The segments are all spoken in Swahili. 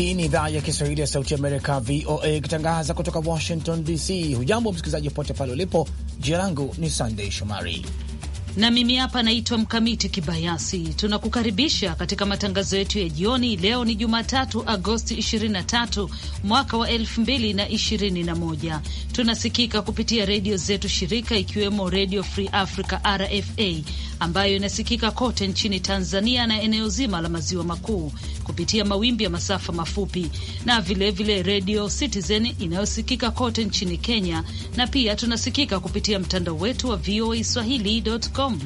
Hii ni idhaa ya Kiswahili ya Sauti Amerika, VOA, ikitangaza kutoka Washington DC. Hujambo msikilizaji pote pale ulipo. Jina langu ni Sandei Shomari na mimi hapa naitwa Mkamiti Kibayasi. Tunakukaribisha katika matangazo yetu ya jioni. Leo ni Jumatatu, Agosti 23 mwaka wa 2021. Tunasikika kupitia redio zetu shirika, ikiwemo Redio Free Africa RFA ambayo inasikika kote nchini Tanzania na eneo zima la maziwa makuu kupitia mawimbi ya masafa mafupi na vilevile redio Citizen inayosikika kote nchini Kenya, na pia tunasikika kupitia mtandao wetu wa VOA swahili.com.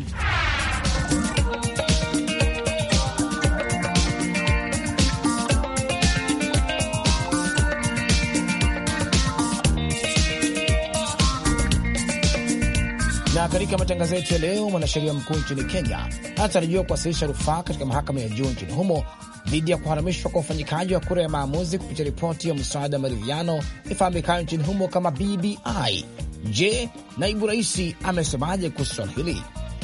katika matangazo yetu ya leo, mwanasheria mkuu nchini Kenya anatarajiwa kuwasilisha rufaa katika mahakama ya juu nchini humo dhidi ya kuharamishwa kwa ufanyikaji wa kura ya maamuzi kupitia ripoti ya msaada maridhiano ifahamikayo nchini humo kama BBI. Je, naibu raisi amesemaje kuhusu swala hili?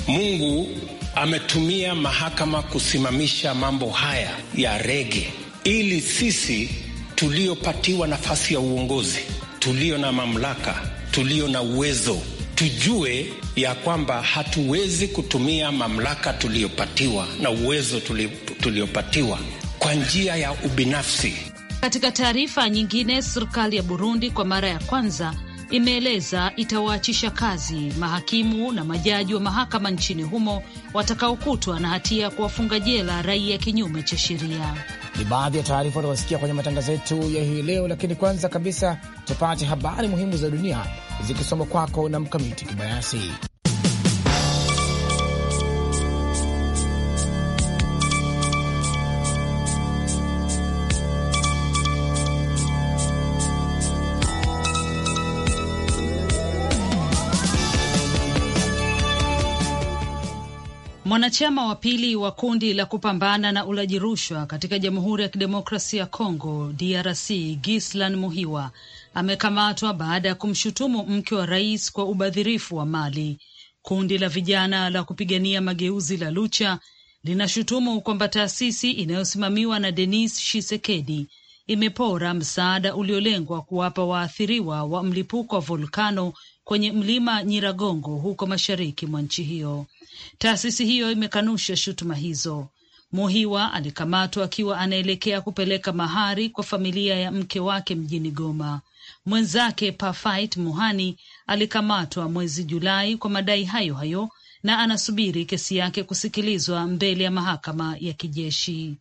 Mungu ametumia mahakama kusimamisha mambo haya ya rege ili sisi tuliopatiwa nafasi ya uongozi, tulio na mamlaka, tulio na uwezo tujue ya kwamba hatuwezi kutumia mamlaka tuliyopatiwa na uwezo tuliopatiwa kwa njia ya ubinafsi. Katika taarifa nyingine, serikali ya Burundi kwa mara ya kwanza imeeleza itawaachisha kazi mahakimu na majaji wa mahakama nchini humo watakaokutwa na hatia ya kuwafunga jela raia kinyume cha sheria. Ni baadhi ya taarifa unawasikia kwenye matangazo yetu ya hii leo, lakini kwanza kabisa tupate habari muhimu za dunia zikisoma kwako na Mkamiti Kibayasi. Mwanachama wa pili wa kundi la kupambana na ulaji rushwa katika Jamhuri ya Kidemokrasia ya Kongo DRC Gislan Muhiwa amekamatwa baada ya kumshutumu mke wa rais kwa ubadhirifu wa mali. Kundi la vijana la kupigania mageuzi la Lucha linashutumu kwamba taasisi inayosimamiwa na Denis Shisekedi imepora msaada uliolengwa kuwapa waathiriwa wa mlipuko wa volkano kwenye mlima Nyiragongo huko mashariki mwa nchi hiyo. Taasisi hiyo imekanusha shutuma hizo. Muhiwa alikamatwa akiwa anaelekea kupeleka mahari kwa familia ya mke wake mjini Goma. Mwenzake Pafait Muhani alikamatwa mwezi Julai kwa madai hayo hayo na anasubiri kesi yake kusikilizwa mbele ya mahakama ya kijeshi.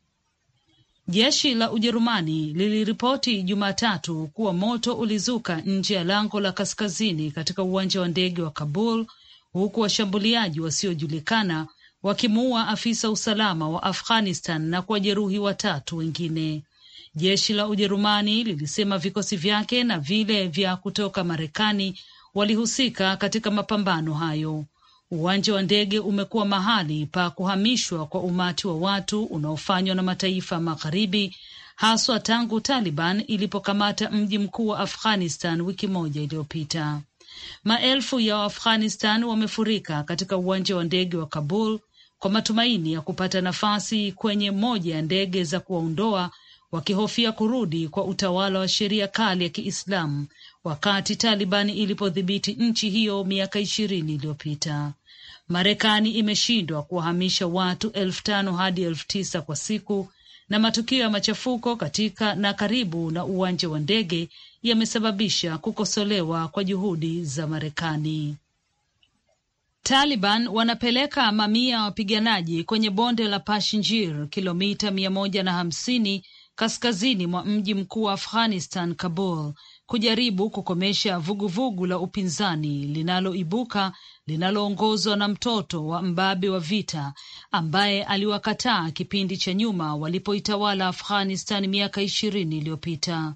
Jeshi la Ujerumani liliripoti Jumatatu kuwa moto ulizuka nje ya lango la kaskazini katika uwanja wa ndege wa Kabul, huku washambuliaji wasiojulikana wakimuua afisa usalama wa Afghanistan na kuwajeruhi watatu wengine. Jeshi la Ujerumani lilisema vikosi vyake na vile vya kutoka Marekani walihusika katika mapambano hayo. Uwanja wa ndege umekuwa mahali pa kuhamishwa kwa umati wa watu unaofanywa na mataifa magharibi, haswa tangu Taliban ilipokamata mji mkuu wa Afghanistan wiki moja iliyopita. Maelfu ya Waafghanistan wamefurika katika uwanja wa ndege wa Kabul kwa matumaini ya kupata nafasi kwenye moja ya ndege za kuwaondoa, wakihofia kurudi kwa utawala wa sheria kali ya Kiislamu wakati Taliban ilipodhibiti nchi hiyo miaka ishirini iliyopita. Marekani imeshindwa kuwahamisha watu elfu tano hadi elfu tisa kwa siku na matukio ya machafuko katika na karibu na uwanja wa ndege yamesababisha kukosolewa kwa juhudi za Marekani. Taliban wanapeleka mamia ya wapiganaji kwenye bonde la Pashinjir, kilomita mia moja na hamsini kaskazini mwa mji mkuu wa Afghanistan, Kabul, kujaribu kukomesha vuguvugu vugu la upinzani linaloibuka linaloongozwa na mtoto wa mbabe wa vita ambaye aliwakataa kipindi cha nyuma walipoitawala Afghanistan miaka ishirini iliyopita.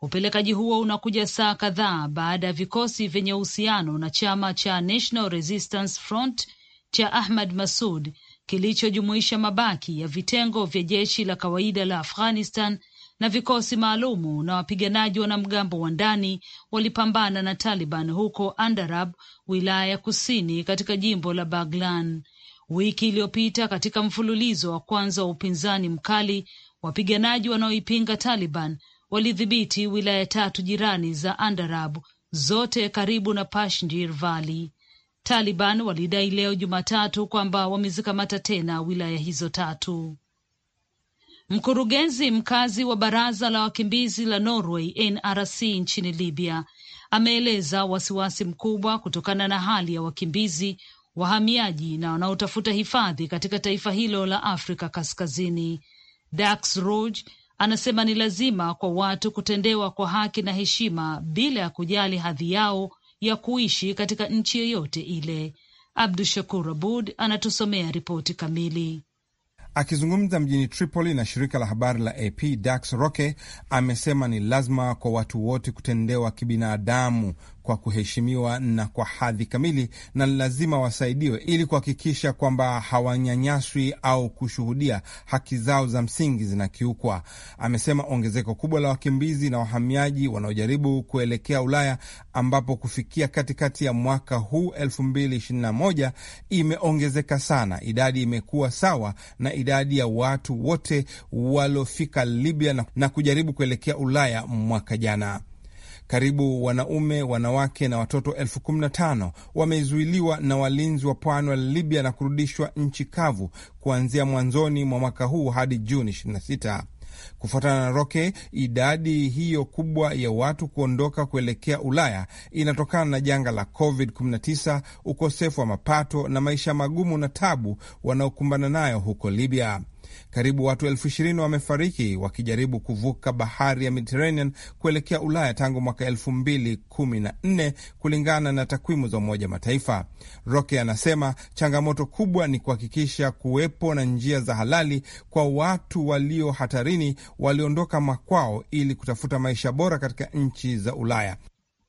Upelekaji huo unakuja saa kadhaa baada ya vikosi vyenye uhusiano na chama cha National Resistance Front cha Ahmad Masud kilichojumuisha mabaki ya vitengo vya jeshi la kawaida la Afghanistan na vikosi maalumu na wapiganaji wanamgambo wa ndani walipambana na Taliban huko Andarab, wilaya ya kusini katika jimbo la Baglan wiki iliyopita. Katika mfululizo wa kwanza wa upinzani mkali, wapiganaji wanaoipinga Taliban walidhibiti wilaya tatu jirani za Andarab, zote karibu na Panjshir Valley. Taliban walidai leo Jumatatu kwamba wamezikamata tena wilaya hizo tatu. Mkurugenzi mkazi wa baraza la wakimbizi la Norway NRC nchini Libya ameeleza wasiwasi mkubwa kutokana na hali ya wakimbizi, wahamiaji na wanaotafuta hifadhi katika taifa hilo la Afrika Kaskazini. Dax Rouge anasema ni lazima kwa watu kutendewa kwa haki na heshima bila ya kujali hadhi yao ya kuishi katika nchi yoyote ile. Abdu Shakur Abud anatusomea ripoti kamili. Akizungumza mjini Tripoli na shirika la habari la AP, Dax Roque amesema ni lazima kwa watu wote kutendewa kibinadamu kwa kuheshimiwa na kwa hadhi kamili, na lazima wasaidiwe ili kuhakikisha kwamba hawanyanyaswi au kushuhudia haki zao za msingi zinakiukwa, amesema. Ongezeko kubwa la wakimbizi na wahamiaji wanaojaribu kuelekea Ulaya, ambapo kufikia katikati ya mwaka huu 2021 imeongezeka sana. Idadi imekuwa sawa na idadi ya watu wote waliofika Libya na kujaribu kuelekea Ulaya mwaka jana. Karibu wanaume, wanawake na watoto elfu kumi na tano wamezuiliwa na walinzi wa pwani wa Libya na kurudishwa nchi kavu kuanzia mwanzoni mwa mwaka huu hadi Juni 26. Kufuatana na Roke, idadi hiyo kubwa ya watu kuondoka kuelekea Ulaya inatokana na janga la COVID-19, ukosefu wa mapato na maisha magumu na tabu wanaokumbana nayo huko Libya. Karibu watu elfu ishirini wamefariki wakijaribu kuvuka bahari ya Mediterranean kuelekea Ulaya tangu mwaka elfu mbili kumi na nne kulingana na takwimu za Umoja Mataifa. Roke anasema changamoto kubwa ni kuhakikisha kuwepo na njia za halali kwa watu walio hatarini waliondoka makwao ili kutafuta maisha bora katika nchi za Ulaya.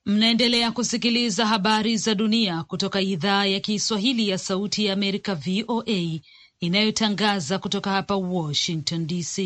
Mnaendelea kusikiliza habari za dunia kutoka idhaa ya Kiswahili ya Sauti ya Amerika, VOA, inayotangaza kutoka hapa Washington DC.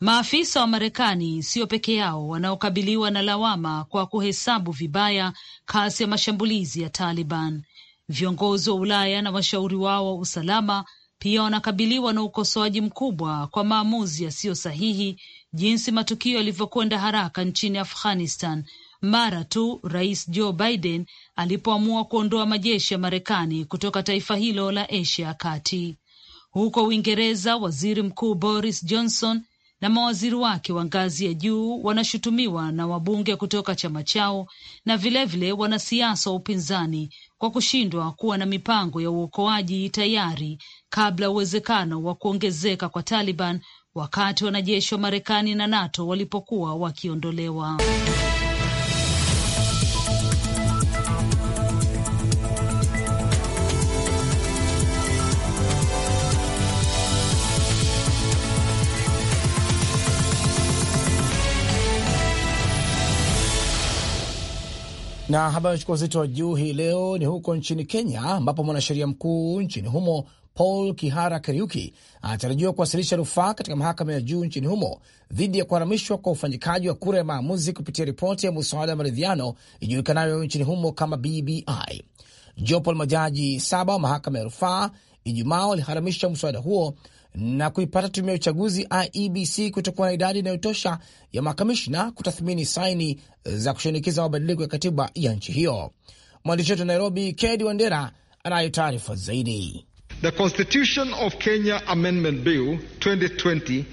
Maafisa wa Marekani sio peke yao wanaokabiliwa na lawama kwa kuhesabu vibaya kasi ya mashambulizi ya Taliban. Viongozi wa Ulaya na washauri wao wa usalama pia wanakabiliwa na ukosoaji mkubwa kwa maamuzi yasiyo sahihi, jinsi matukio yalivyokwenda haraka nchini Afghanistan mara tu Rais Joe Biden alipoamua kuondoa majeshi ya Marekani kutoka taifa hilo la Asia ya Kati. Huko Uingereza, waziri mkuu Boris Johnson na mawaziri wake wa ngazi ya juu wanashutumiwa na wabunge kutoka chama chao na vilevile wanasiasa wa upinzani kwa kushindwa kuwa na mipango ya uokoaji tayari kabla uwezekano wa kuongezeka kwa Taliban wakati wanajeshi wa Marekani na NATO walipokuwa wakiondolewa. Na habari chukua uzito wa juu hii leo ni huko nchini Kenya, ambapo mwanasheria mkuu nchini humo Paul Kihara Kariuki anatarajiwa kuwasilisha rufaa katika mahakama ya juu nchini humo dhidi ya kuharamishwa kwa ufanyikaji wa kura ya maamuzi kupitia ripoti ya muswada wa maridhiano ijulikanayo nchini humo kama BBI. Jopo la majaji saba wa mahakama ya rufaa Ijumaa waliharamisha mswada huo na kuipata tume ya uchaguzi IEBC kutokuwa na idadi inayotosha ya makamishna kutathmini saini za kushinikiza mabadiliko ya katiba ya nchi hiyo. Mwandishi wetu wa Nairobi, Kedi Wandera, anayo taarifa zaidi. The Constitution of Kenya Amendment Bill 2020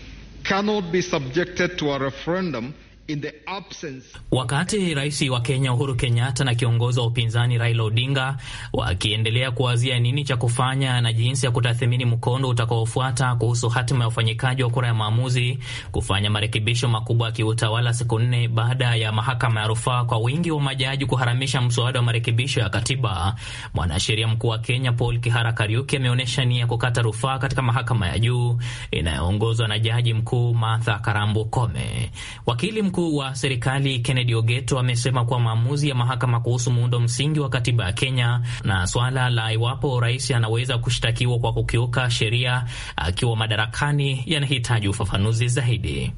cannot be subjected to a referendum In the absence... Wakati rais wa Kenya Uhuru Kenyatta na kiongozi wa upinzani Raila Odinga wakiendelea kuwazia nini cha kufanya na jinsi ya kutathimini mkondo utakaofuata kuhusu hatima ya ufanyikaji wa kura ya maamuzi kufanya marekebisho makubwa ya kiutawala, siku nne baada ya mahakama ya rufaa kwa wingi wa majaji kuharamisha mswada wa marekebisho ya katiba, mwanasheria mkuu wa Kenya Paul Kihara Kariuki ameonyesha nia ya kukata rufaa katika mahakama ya juu inayoongozwa na jaji mkuu Martha Karambu Kome. Wakili mkuu Mkuu wa serikali Kennedy Ogeto amesema kuwa maamuzi ya mahakama kuhusu muundo msingi wa katiba ya Kenya na swala la iwapo rais anaweza kushtakiwa kwa kukiuka sheria akiwa madarakani yanahitaji ufafanuzi zaidi.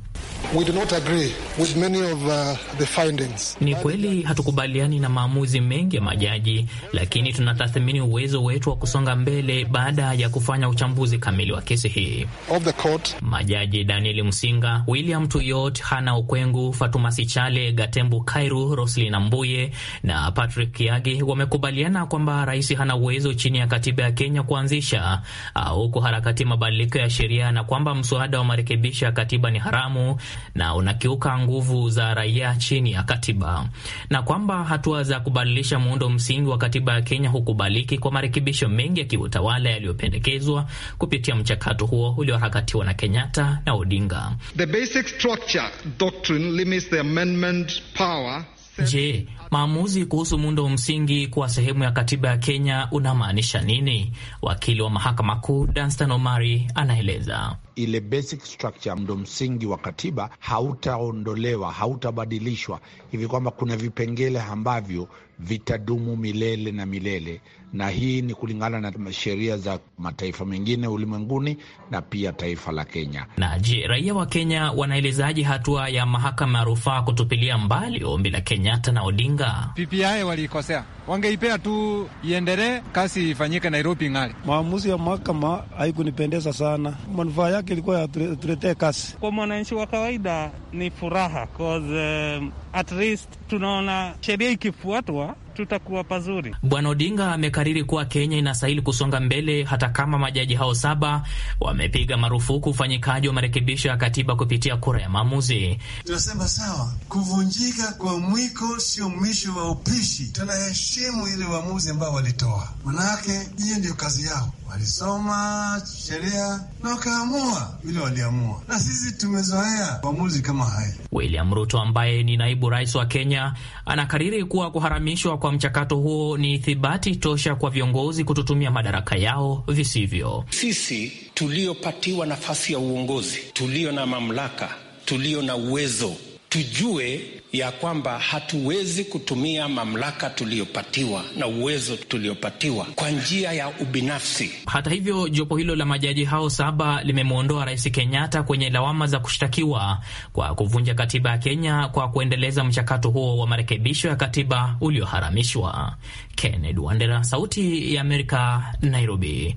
We do not agree with many of, uh, the findings. Ni kweli hatukubaliani na maamuzi mengi ya majaji, lakini tunatathmini uwezo wetu wa kusonga mbele baada ya kufanya uchambuzi kamili wa kesi hii. Of the court. Majaji Daniel msinga William Tuyot, Hana Okwengu, Fatuma Sichale, Gatembu Kairu, Roslin ambuye na Patrick Kiagi wamekubaliana kwamba rais hana uwezo chini ya katiba ya Kenya kuanzisha au kuharakati mabadiliko ya sheria na kwamba mswada wa marekebisho ya katiba ni haramu na unakiuka nguvu za raia chini ya katiba, na kwamba hatua za kubadilisha muundo msingi wa katiba ya Kenya hukubaliki kwa marekebisho mengi ya kiutawala yaliyopendekezwa kupitia mchakato huo ulioharakatiwa na Kenyatta na Odinga. The basic structure doctrine limits the amendment power. Je, Maamuzi kuhusu muundo wa msingi kuwa sehemu ya katiba ya Kenya unamaanisha nini? Wakili wa mahakama kuu Danstan Omari anaeleza. Ile basic structure, msingi wa katiba hautaondolewa, hautabadilishwa hivi kwamba kuna vipengele ambavyo vitadumu milele na milele na hii ni kulingana na sheria za mataifa mengine ulimwenguni na pia taifa la Kenya. Na je, raia wa Kenya wanaelezaje hatua ya mahakama ya rufaa kutupilia mbali ombi la Kenyatta na Odinga? PPI waliikosea, wangeipea tu iendelee, kasi ifanyike Nairobi ng'ali. Maamuzi ya mahakama haikunipendeza sana, manufaa yake ilikuwa yatuletee kasi kwa mwananchi wa kawaida. Ni furaha cause, um, at least tunaona sheria ikifuatwa tutakuwa pazuri. Bwana Odinga amekariri kuwa Kenya inastahili kusonga mbele hata kama majaji hao saba wamepiga marufuku ufanyikaji wa marekebisho ya katiba kupitia kura ya maamuzi. Tunasema sawa, kuvunjika kwa mwiko sio mwisho wa upishi. Tunaheshimu ile uamuzi ambao walitoa, manake hiyo ndiyo kazi yao walisoma sheria na wakaamua vile waliamua, na sisi tumezoea uamuzi kama haya. William Ruto ambaye ni naibu rais wa Kenya anakariri kuwa kuharamishwa kwa mchakato huo ni ithibati tosha kwa viongozi kututumia madaraka yao visivyo. Sisi tuliopatiwa nafasi ya uongozi, tulio na mamlaka, tulio na uwezo, tujue ya kwamba hatuwezi kutumia mamlaka tuliyopatiwa na uwezo tuliopatiwa kwa njia ya ubinafsi. Hata hivyo, jopo hilo la majaji hao saba limemwondoa Rais Kenyatta kwenye lawama za kushtakiwa kwa kuvunja katiba ya Kenya kwa kuendeleza mchakato huo wa marekebisho ya katiba ulioharamishwa. Kennedy Wandera, Sauti ya Amerika, Nairobi.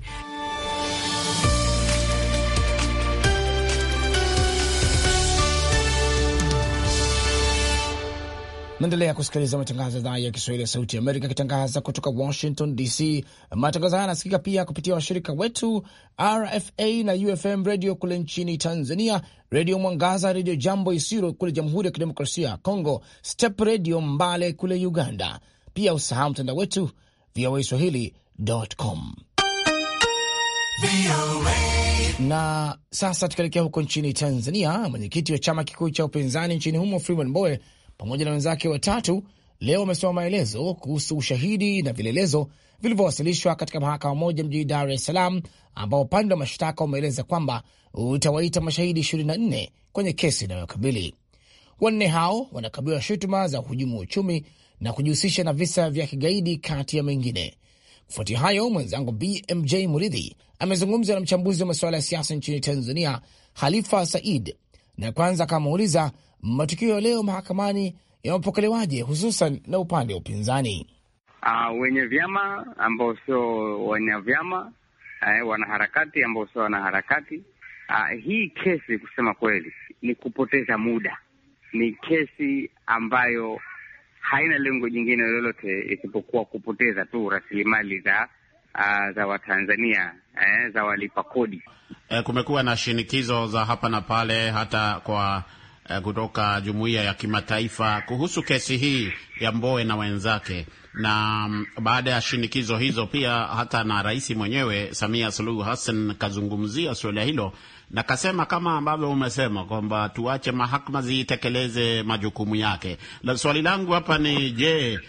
Naendelea kusikiliza matangazo ya idhaa ya Kiswahili ya Sauti ya Amerika akitangaza kutoka Washington DC. Matangazo haya yanasikika pia kupitia washirika wetu RFA na UFM redio kule nchini Tanzania, Redio Mwangaza, Redio Jambo Isiro kule Jamhuri ya Kidemokrasia ya Kongo, Step Redio Mbale kule Uganda. Pia usahau mtandao wetu VOA Swahili.com. Na sasa tukielekea huko nchini Tanzania, mwenyekiti wa chama kikuu cha upinzani nchini humo Freeman Mbowe pamoja na wenzake watatu leo wamesoma maelezo kuhusu ushahidi na vilelezo vilivyowasilishwa katika mahakama moja mjini Dar es Salaam, ambao upande wa mashtaka umeeleza kwamba utawaita mashahidi 24 kwenye kesi inayokabili. Wanne hao wanakabiliwa shutuma za uhujumu wa uchumi na kujihusisha na visa vya kigaidi kati ya mengine. Kufuatia hayo, mwenzangu BMJ Muridhi amezungumza na mchambuzi wa masuala ya siasa nchini Tanzania, Halifa Said, na kwanza akamuuliza Matukio ya leo mahakamani yamepokelewaje hususan na upande wa upinzani? Uh, wenye vyama ambao sio wenye vyama uh, eh, wanaharakati ambao sio wanaharakati. Uh, hii kesi kusema kweli ni kupoteza muda, ni kesi ambayo haina lengo jingine lolote isipokuwa kupoteza tu rasilimali za uh, za Watanzania eh, za walipa kodi. Eh, kumekuwa na shinikizo za hapa na pale hata kwa Eh, kutoka jumuiya ya kimataifa kuhusu kesi hii ya mboe na wenzake, na mm, baada ya shinikizo hizo pia hata na rais mwenyewe Samia Suluhu Hassan kazungumzia suala hilo na kasema kama ambavyo umesema kwamba tuache mahakama ziitekeleze majukumu yake. La, swali langu hapa ni je,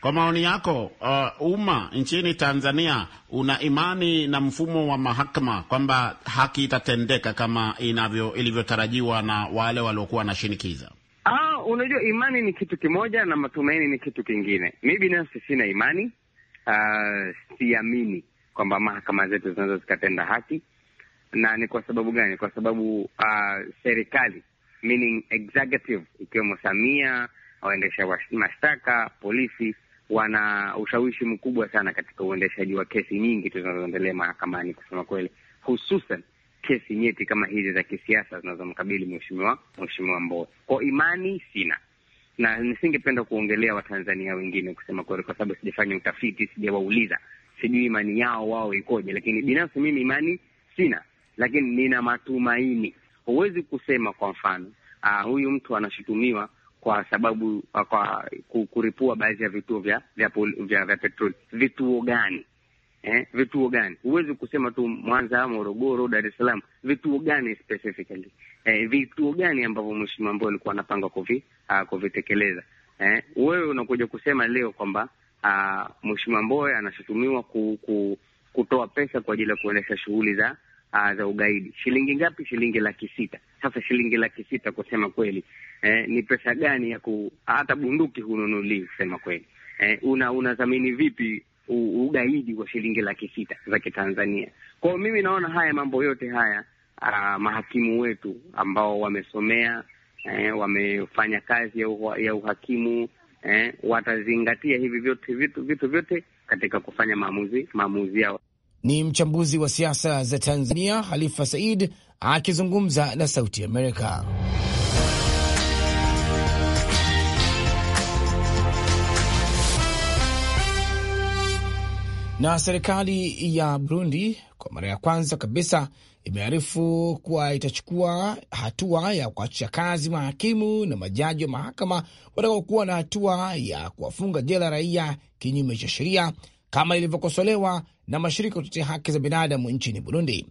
kwa maoni yako, uh, umma nchini Tanzania una imani na mfumo wa mahakama kwamba haki itatendeka kama inavyo ilivyotarajiwa na wale waliokuwa wanashinikiza? Ah, unajua imani ni kitu kimoja na matumaini ni kitu kingine. Mi binafsi sina imani uh, siamini kwamba mahakama zetu zinaweza zikatenda haki, na ni kwa sababu gani? Kwa sababu uh, serikali meaning executive ikiwemo Samia waendesha mashtaka, polisi wana ushawishi mkubwa sana katika uendeshaji wa kesi nyingi tu zinazoendelea mahakamani, kusema kweli, hususan kesi nyeti kama hizi za kisiasa zinazomkabili mheshimiwa mheshimiwa Mbowe. Kwa imani sina na nisingependa kuongelea Watanzania wengine kusema kweli, kwa sababu sijafanya utafiti, sijawauliza, sijui imani yao wao ikoje, lakini binafsi mimi imani sina, lakini nina matumaini. Huwezi kusema kwa mfano, ah, huyu mtu anashutumiwa kwa sababu kwa kuripua baadhi ya vituo vya vya, vya, vya petroli. Vituo gani eh? Vituo gani? Huwezi kusema tu Mwanza, Morogoro, Dar es Salaam. Vituo gani specifically eh? Vituo gani ambavyo mheshimiwa Mbowe alikuwa anapanga ah, kuvitekeleza eh? Wewe unakuja kusema leo kwamba uh, mheshimiwa anashutumiwa ku, ku, kutoa pesa kwa ajili ya kuendesha shughuli za uh, za ugaidi. Shilingi ngapi? Shilingi laki sita. Sasa shilingi laki sita kusema kweli eh, ni pesa gani ya ku hata bunduki hununulii kusema kweli eh, una unadhamini vipi u, ugaidi wa shilingi laki sita za Kitanzania? Kwao mimi naona haya mambo yote haya uh, mahakimu wetu ambao wamesomea eh, wamefanya kazi ya, uha, ya uhakimu eh, watazingatia hivi vyote vitu vitu vyote katika kufanya maamuzi maamuzi yao. Ni mchambuzi wa siasa za Tanzania, Halifa Said akizungumza na Sauti Amerika. Na serikali ya Burundi kwa mara ya kwanza kabisa imearifu kuwa itachukua hatua ya kuachisha kazi mahakimu na majaji wa mahakama watakaokuwa na hatua ya kuwafunga jela raia kinyume cha sheria kama ilivyokosolewa na mashirika kutetea haki za binadamu nchini Burundi.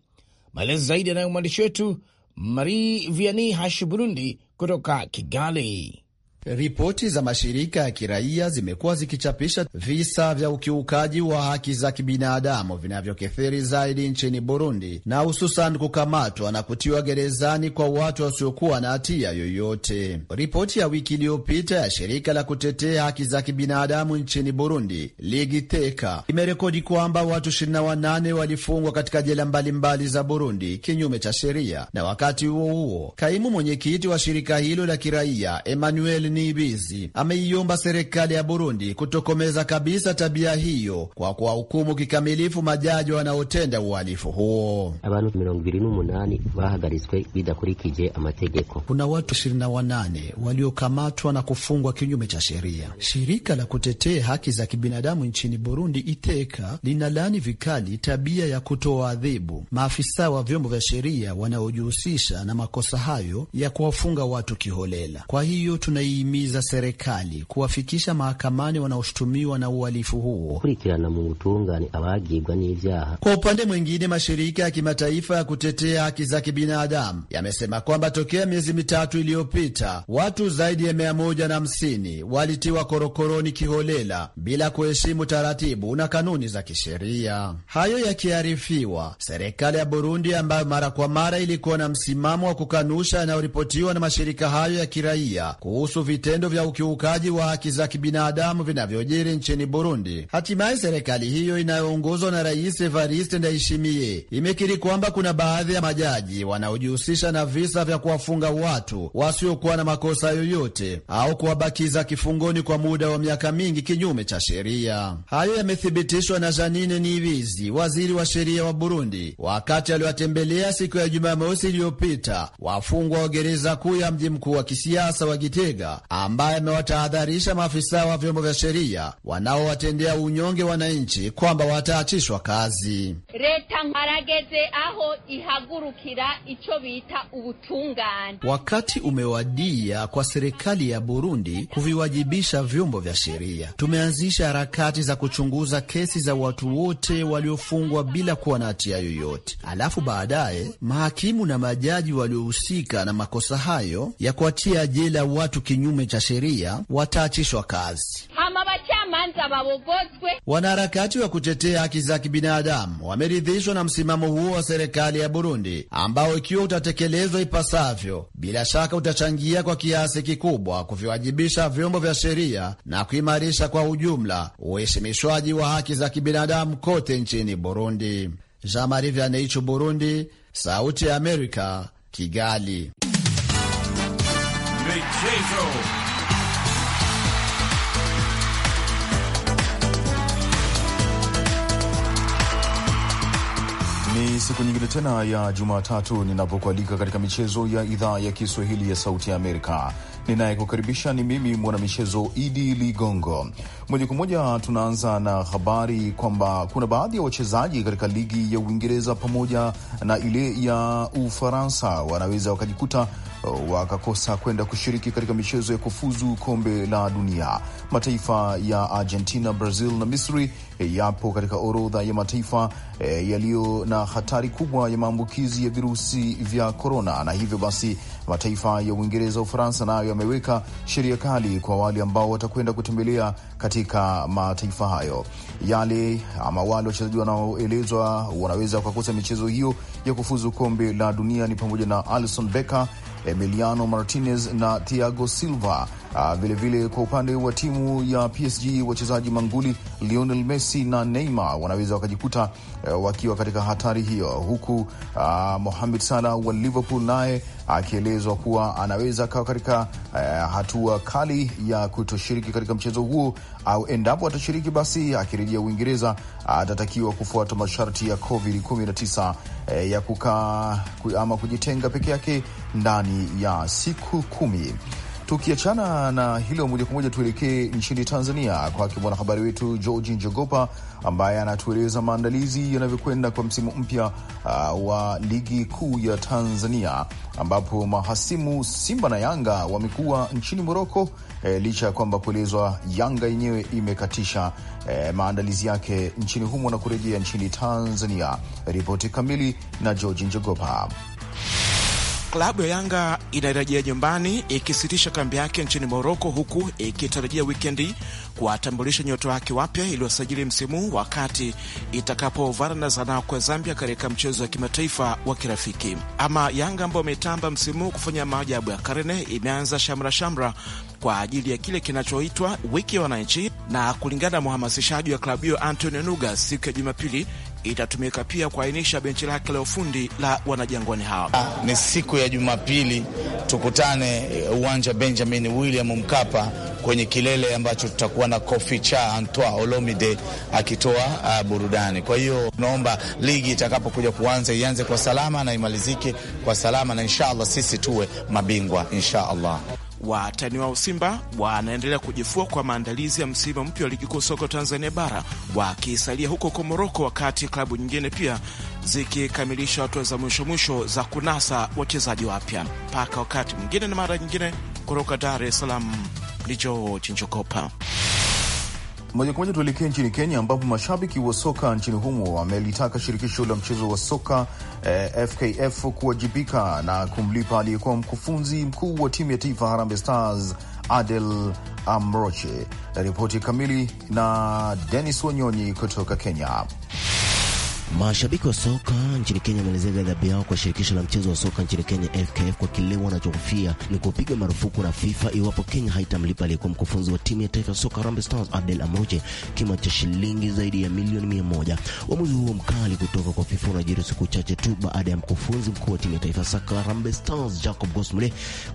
Maelezo zaidi yanayo mwandishi wetu Marie Vianney Hashi Burundi kutoka Kigali. Ripoti za mashirika ya kiraia zimekuwa zikichapisha visa vya ukiukaji wa haki za kibinadamu vinavyokithiri zaidi nchini Burundi, na hususan kukamatwa na kutiwa gerezani kwa watu wasiokuwa na hatia yoyote. Ripoti ya wiki iliyopita ya shirika la kutetea haki za kibinadamu nchini Burundi, Ligi Teka, imerekodi kwamba watu 28 walifungwa katika jela mbalimbali za Burundi kinyume cha sheria, na wakati huo huo kaimu mwenyekiti wa shirika hilo la kiraia Emmanuel ibizi. ameiomba serikali ya Burundi kutokomeza kabisa tabia hiyo kwa kuwahukumu kikamilifu majaji wanaotenda uhalifu huo. Abantu mirongo ibiri n'umunani bahagaritswe bidakurikije amategeko. Kuna watu 28 waliokamatwa na kufungwa kinyume cha sheria. Shirika la kutetea haki za kibinadamu nchini Burundi Iteka linalaani vikali tabia ya kutoa adhibu maafisa wa vyombo vya sheria wanaojihusisha na makosa hayo ya kuwafunga watu kiholela. Kwa hiyo tunai kuhimiza serikali kuwafikisha mahakamani wanaoshutumiwa na uhalifu huo. Kwa upande mwingine, mashirika ya kimataifa ya kutetea haki za kibinadamu yamesema kwamba tokea miezi mitatu iliyopita watu zaidi ya mia moja na hamsini walitiwa korokoroni kiholela bila kuheshimu taratibu na kanuni za kisheria. Hayo yakiarifiwa, serikali ya Burundi ambayo mara kwa mara ilikuwa na msimamo wa kukanusha yanayoripotiwa na mashirika hayo ya kiraia kuhusu vitendo vya ukiukaji wa haki za kibinadamu vinavyojiri nchini Burundi. Hatimaye serikali hiyo inayoongozwa na Rais Evariste Ndayishimiye imekiri kwamba kuna baadhi ya majaji wanaojihusisha na visa vya kuwafunga watu wasiokuwa na makosa yoyote au kuwabakiza kifungoni kwa muda wa miaka mingi kinyume cha sheria. Hayo yamethibitishwa na Janine nivizi waziri wa sheria wa Burundi, wakati aliwatembelea siku ya Jumamosi iliyopita wafungwa wa gereza kuu ya mji mkuu wa kisiasa wa Gitega ambaye amewatahadharisha maafisa wa vyombo vya sheria wanaowatendea unyonge wananchi kwamba wataachishwa kazi. Leta nkarageze aho ihagurukira icho bita ubutungane. Wakati umewadia kwa serikali ya Burundi kuviwajibisha vyombo vya sheria. Tumeanzisha harakati za kuchunguza kesi za watu wote waliofungwa bila kuwa na hatia yoyote, alafu baadaye mahakimu na majaji waliohusika na makosa hayo ya kuatia jela watu kinyume kinyume cha sheria wataachishwa kazi. Wanaharakati wa kutetea haki za kibinadamu wameridhishwa na msimamo huo wa serikali ya Burundi, ambao ikiwa utatekelezwa ipasavyo, bila shaka utachangia kwa kiasi kikubwa kuviwajibisha vyombo vya sheria na kuimarisha kwa ujumla uheshimishwaji wa haki za kibinadamu kote nchini Burundi. Jean Marie Vianney, Burundi, Sauti ya Amerika, Kigali. Ni siku nyingine tena ya Jumatatu ninapokualika katika michezo ya idhaa ya Kiswahili ya Sauti ya Amerika. Ninayekukaribisha ni mimi mwanamichezo Idi Ligongo. Moja kwa moja tunaanza na habari kwamba kuna baadhi ya wachezaji katika ligi ya Uingereza pamoja na ile ya Ufaransa wanaweza wakajikuta uh, wakakosa kwenda kushiriki katika michezo ya kufuzu kombe la dunia. Mataifa ya Argentina, Brazil na Misri Eh, yapo katika orodha ya mataifa e, yaliyo na hatari kubwa ya maambukizi ya virusi vya korona, na hivyo basi mataifa ya Uingereza, Ufaransa nayo yameweka sheria kali kwa wale ambao watakwenda kutembelea katika mataifa hayo. Yale ama wale wachezaji wanaoelezwa wanaweza wakakosa michezo hiyo ya kufuzu kombe la dunia ni pamoja na Alison Becker, Emiliano Martinez na Thiago Silva Vilevile ah, kwa upande wa timu ya PSG wachezaji manguli Lionel Messi na Neymar wanaweza wakajikuta uh, wakiwa katika hatari hiyo, huku uh, Mohamed Salah wa Liverpool naye akielezwa kuwa anaweza kawa katika uh, hatua kali ya kutoshiriki katika mchezo huo, au endapo atashiriki basi akirejea Uingereza atatakiwa uh, kufuata masharti ya Covid 19 uh, eh, ya kukaa ama kujitenga peke yake ndani ya siku kumi. Tukiachana na hilo moja kwa moja, tuelekee nchini Tanzania kwake mwanahabari wetu Georgi Njogopa ambaye anatueleza maandalizi yanavyokwenda kwa msimu mpya uh, wa ligi kuu ya Tanzania ambapo mahasimu Simba na Yanga wamekuwa nchini Moroko eh, licha ya kwamba kuelezwa Yanga yenyewe imekatisha eh, maandalizi yake nchini humo na kurejea nchini Tanzania. Ripoti kamili na Georgi Njogopa. Klabu ya Yanga inarejea nyumbani ikisitisha kambi yake nchini Moroko, huku ikitarajia wikendi kuwatambulisha nyota wake wapya iliyosajili msimu, wakati itakapovana na Zanaco kwa Zambia katika mchezo wa kimataifa wa kirafiki. Ama Yanga ambayo ametamba msimu kufanya maajabu ya karne, imeanza shamra shamra kwa ajili ya kile kinachoitwa wiki ya wananchi, na kulingana na mhamasishaji wa klabu hiyo Antonio Nuga, siku ya Jumapili itatumika pia kuainisha benchi lake la ufundi la wanajangwani hao. Ah, ni siku ya Jumapili, tukutane eh, uwanja Benjamin William Mkapa kwenye kilele ambacho tutakuwa na kofi cha antoi Olomide akitoa uh, burudani. Kwa hiyo tunaomba ligi itakapokuja kuanza ianze kwa salama na imalizike kwa salama, na inshallah sisi tuwe mabingwa inshallah watani wao Simba wanaendelea kujifua kwa maandalizi ya msimu mpya wa ligi kuu soka Tanzania bara wakisalia huko Komoroko, Moroko, wakati klabu nyingine pia zikikamilisha hatua za mwisho mwisho za kunasa wachezaji wapya. Mpaka wakati mwingine na mara nyingine, kutoka Dar es Salaam ni George Njokopa. Moja kwa moja tuelekee nchini Kenya, ambapo mashabiki wa soka nchini humo wamelitaka shirikisho la mchezo wa soka eh, FKF kuwajibika na kumlipa aliyekuwa mkufunzi mkuu wa timu ya taifa Harambee Stars Adel Amroche. Ripoti kamili na Denis Wanyonyi kutoka Kenya. Mashabiki wa soka nchini Kenya wameelezea ghadhabu yao kwa shirikisho la mchezo wa soka nchini Kenya FKF kwa kile wanachohofia ni kupiga marufuku na FIFA iwapo Kenya haitamlipa aliyekuwa mkufunzi wa timu ya taifa ya soka Harambee Stars Abdel Amroche kima cha shilingi zaidi ya milioni mia moja. Uamuzi huo mkali kutoka kwa FIFA unajiri siku chache tu baada ya mkufunzi mkuu wa timu ya taifa soka Harambee Stars Jacob Gosmule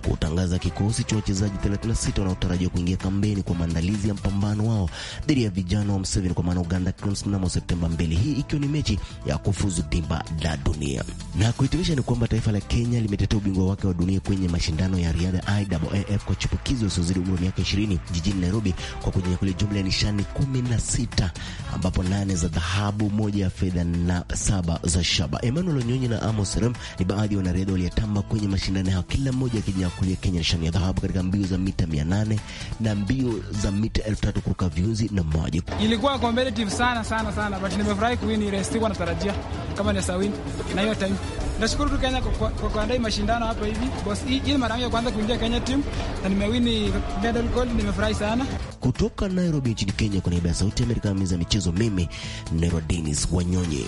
kutangaza kikosi cha wachezaji 36 wanaotarajiwa kuingia kambeni kwa maandalizi ya mpambano wao dhidi ya vijana wa Museveni kwa maana Uganda Cranes mnamo Septemba 2, hii ikiwa ni mechi ya kufuzu dimba la dunia. Na kuhitimisha ni kwamba taifa la Kenya limetetea ubingwa wake wa dunia kwenye mashindano ya riadha IAAF kwa chipukizi wasiozidi umri wa miaka 20 jijini Nairobi kwa kujinyakulia jumla ya nishani 16 ambapo nane za dhahabu, moja ya fedha na saba za shaba. Emmanuel Onyonyi na Amos Rem ni baadhi ya wanariadha waliotamba kwenye mashindano hayo, kila mmoja akijinyakulia Kenya nishani ya dhahabu katika mbio za mita 800 na mbio za mita 3000 kuruka viunzi na maji. Ilikuwa competitive sana sana sana, but nimefurahi kuwini natarajia kama ni sawini na hiyo time. Nashukuru tu Kenya kwa kuandaa hii mashindano hapa hivi. Boss, hii ni mara yangu ya kwanza kuingia Kenya team na nimewini medal gold, nimefurahi sana. Kutoka Nairobi nchini Kenya kwa niaba ya Sauti ya Amerika meza michezo, mimi Nero Dennis Wanyonye.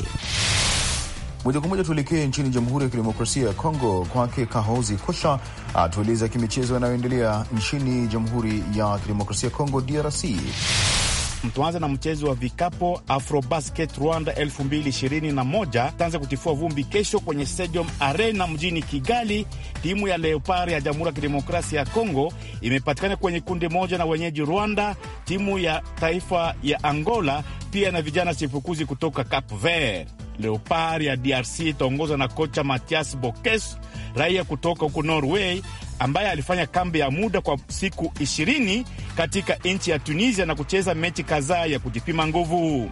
Moja kwa moja tuelekee nchini Jamhuri ya Kidemokrasia ya Kongo, kwake Kahozi Kosha atueleza kimichezo yanayoendelea nchini Jamhuri ya Kidemokrasia ya Kongo, DRC. Tuanze na mchezo wa vikapo Afrobasket Rwanda 2021 tanza kutifua vumbi kesho kwenye Stadium Arena mjini Kigali. Timu ya Leopard ya Jamhuri ya Kidemokrasia ya Kongo imepatikana kwenye kundi moja na wenyeji Rwanda, timu ya taifa ya Angola pia na vijana chipukuzi kutoka Cape Verde. Leopard ya DRC itaongozwa na kocha Matias Bokes, raia kutoka huku Norway ambaye alifanya kambi ya muda kwa siku ishirini katika nchi ya Tunisia na kucheza mechi kadhaa ya kujipima nguvu.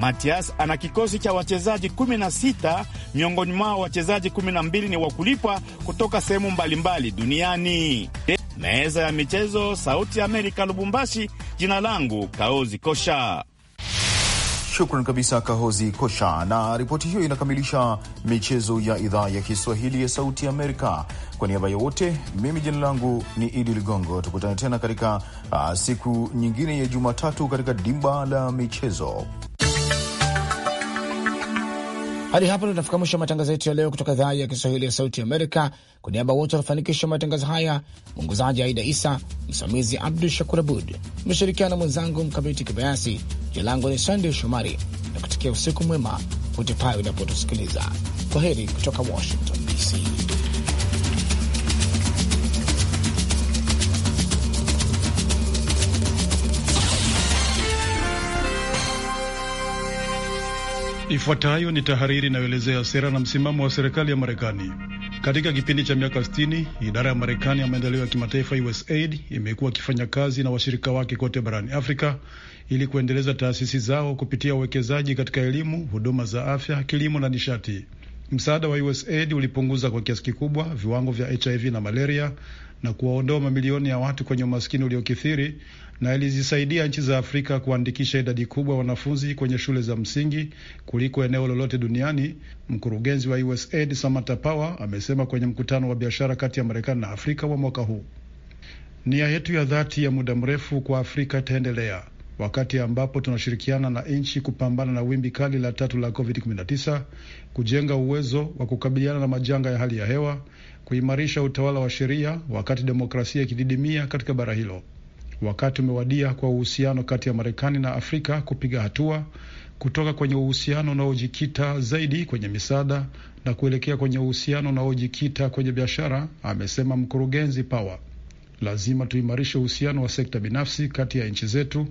Matias ana kikosi cha wachezaji 16 miongoni mwao wachezaji 12 ni wa kulipwa kutoka sehemu mbalimbali duniani. Meza ya michezo, Sauti ya Amerika, Lubumbashi. Jina langu Kaozi Kosha. Shukran kabisa Kahozi Kosha, na ripoti hiyo inakamilisha michezo ya idhaa ya Kiswahili ya Sauti Amerika. Kwa niaba ya wote, mimi jina langu ni Idi Ligongo. Tukutane tena katika uh, siku nyingine ya Jumatatu katika dimba la michezo. Hadi hapo tunafika mwisho wa matangazo yetu ya leo kutoka idhaa ya Kiswahili ya Sauti Amerika. Kwa niaba wote wanafanikisha matangazo haya, mwongozaji Aida Isa, msimamizi Abdu Shakur Abud, imeshirikiana na mwenzangu Mkamiti Kibayasi. Jina langu ni Sandey Shomari na kutikia usiku mwema pote pale unapotusikiliza. Kwa heri kutoka Washington DC. Ifuatayo ni tahariri inayoelezea sera na msimamo wa serikali ya Marekani. Katika kipindi cha miaka 60 idara ya Marekani ya maendeleo ya kimataifa USAID imekuwa ikifanya kazi na washirika wake kote barani Afrika ili kuendeleza taasisi zao kupitia uwekezaji katika elimu, huduma za afya, kilimo na nishati. Msaada wa USAID ulipunguza kwa kiasi kikubwa viwango vya HIV na malaria na kuwaondoa mamilioni ya watu kwenye umaskini uliokithiri na ilizisaidia nchi za Afrika kuandikisha idadi kubwa wanafunzi kwenye shule za msingi kuliko eneo lolote duniani. Mkurugenzi wa USAID Samantha Power amesema kwenye mkutano wa biashara kati ya Marekani na Afrika wa mwaka huu. Nia yetu ya dhati ya muda mrefu kwa Afrika itaendelea wakati ambapo tunashirikiana na nchi kupambana na wimbi kali la tatu la COVID-19, kujenga uwezo wa kukabiliana na majanga ya hali ya hewa, kuimarisha utawala wa sheria wakati demokrasia ikididimia katika bara hilo wakati umewadia kwa uhusiano kati ya Marekani na Afrika kupiga hatua kutoka kwenye uhusiano unaojikita zaidi kwenye misaada na kuelekea kwenye uhusiano unaojikita kwenye biashara, amesema mkurugenzi Power. Lazima tuimarishe uhusiano wa sekta binafsi kati ya nchi zetu,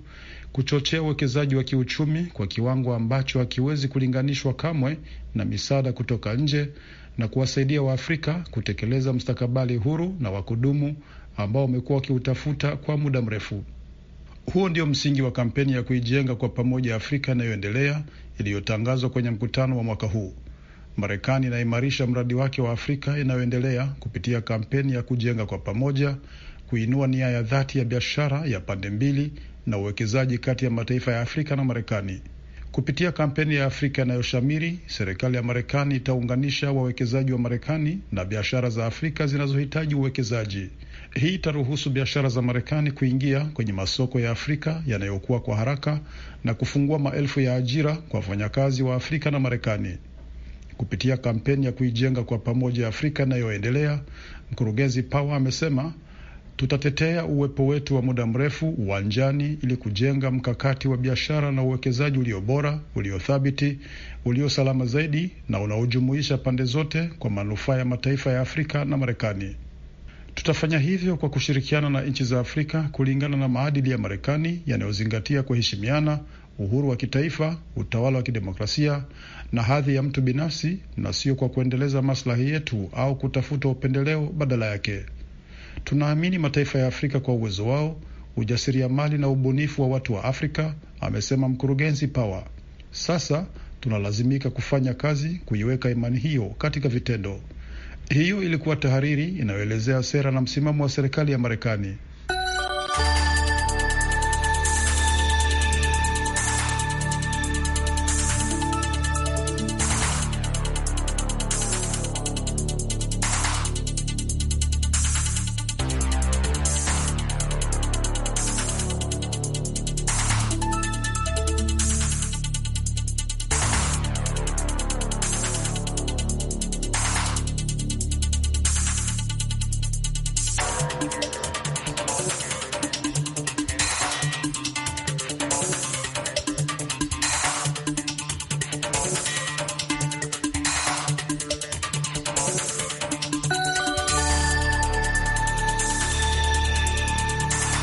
kuchochea uwekezaji wa kiuchumi kwa kiwango ambacho hakiwezi kulinganishwa kamwe na misaada kutoka nje, na kuwasaidia Waafrika kutekeleza mstakabali huru na wa kudumu ambao wamekuwa wakiutafuta kwa muda mrefu. Huo ndio msingi wa kampeni ya kuijenga kwa pamoja Afrika inayoendelea iliyotangazwa kwenye mkutano wa mwaka huu. Marekani inaimarisha mradi wake wa Afrika inayoendelea kupitia kampeni ya kujenga kwa pamoja, kuinua nia ya dhati ya biashara ya pande mbili na uwekezaji kati ya mataifa ya Afrika na Marekani. Kupitia kampeni ya Afrika inayoshamiri, serikali ya Marekani itaunganisha wawekezaji wa Marekani na biashara za Afrika zinazohitaji uwekezaji. Hii itaruhusu biashara za Marekani kuingia kwenye masoko ya Afrika yanayokuwa kwa haraka na kufungua maelfu ya ajira kwa wafanyakazi wa Afrika na Marekani. Kupitia kampeni ya kuijenga kwa pamoja Afrika inayoendelea, mkurugenzi Power amesema tutatetea uwepo wetu wa muda mrefu uwanjani ili kujenga mkakati wa biashara na uwekezaji ulio bora, uliothabiti, ulio salama zaidi na unaojumuisha pande zote kwa manufaa ya mataifa ya Afrika na Marekani. Tutafanya hivyo kwa kushirikiana na nchi za Afrika kulingana na maadili ya Marekani yanayozingatia kuheshimiana, uhuru wa kitaifa, utawala wa kidemokrasia na hadhi ya mtu binafsi, na sio kwa kuendeleza maslahi yetu au kutafuta upendeleo badala yake. Tunaamini mataifa ya Afrika kwa uwezo wao, ujasiriamali na ubunifu wa watu wa Afrika, amesema mkurugenzi Power. Sasa tunalazimika kufanya kazi kuiweka imani hiyo katika vitendo. Hiyo ilikuwa tahariri inayoelezea sera na msimamo wa serikali ya Marekani.